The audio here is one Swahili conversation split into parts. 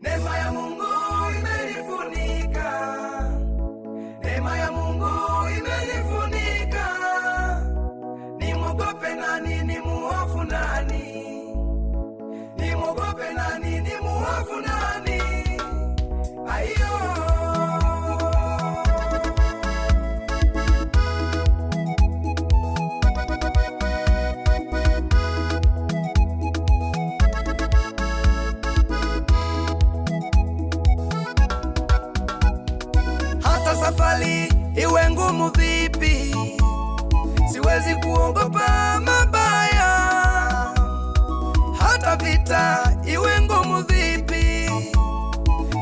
neema ya Mungu safari iwe ngumu vipi, siwezi kuogopa mabaya, hata vita iwe ngumu vipi,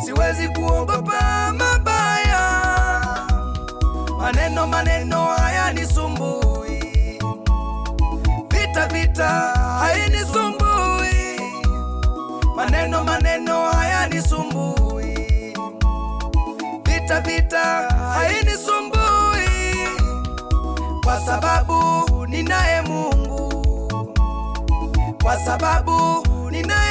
siwezi kuogopa mabaya. Maneno maneno vita vita hainisumbui kwa sababu ninaye Mungu, kwa sababu ninaye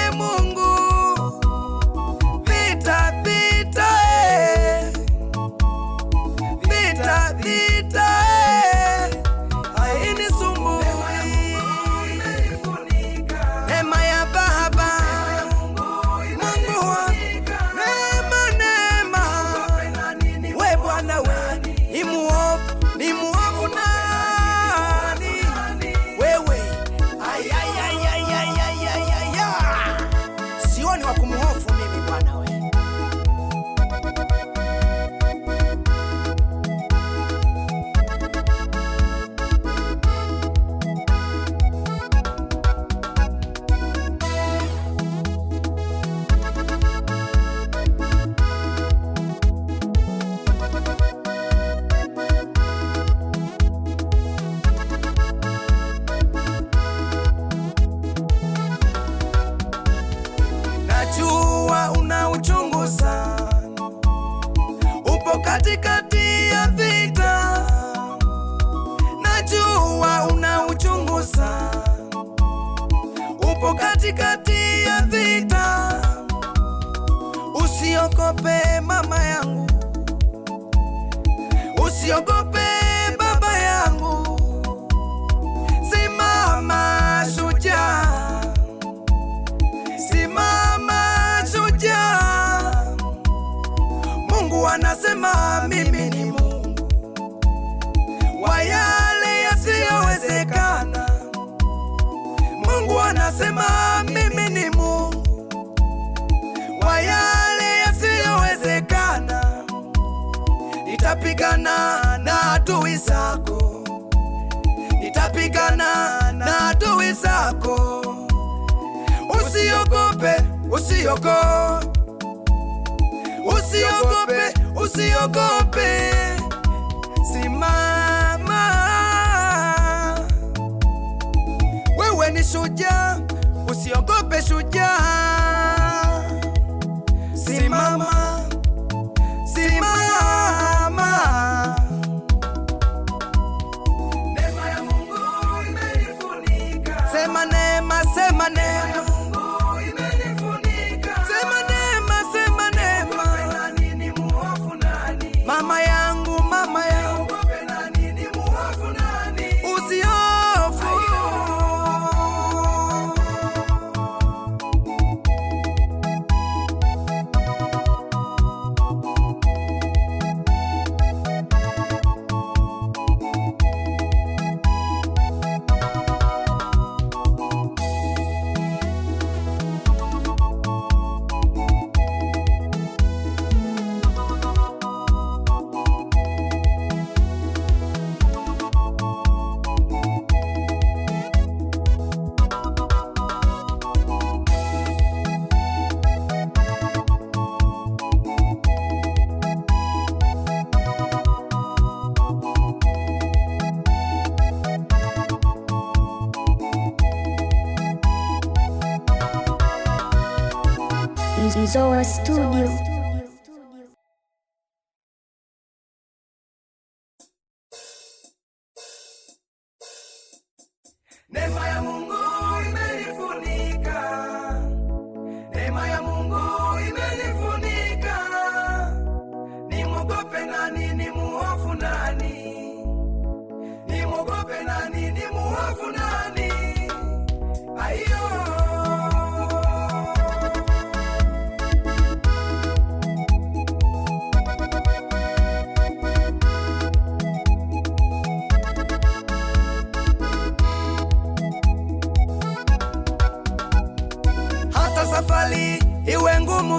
Upo katikati ya vita, usiogope mama yangu, usiogope baba yangu, simama shujaa, simama shujaa, Mungu anasema mimi Anasema mimi ni Mungu wa yale yasiyowezekana, nitapigana na adui zako, nitapigana na adui zako. Usiogope, usiogope, usiogope, usiogope, simama, wewe ni shujaa. Mbappe shujaa, simama Zoa Studio.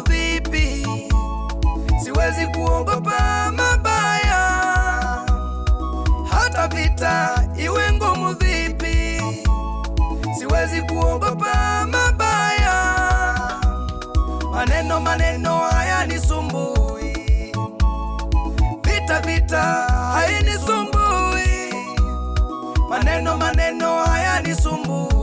vipi? Siwezi kuogopa mabaya, hata vita iwe ngumu vipi. Siwezi kuogopa mabaya, maneno maneno hayanisumbui, vita vita hainisumbui, maneno maneno hayanisumbui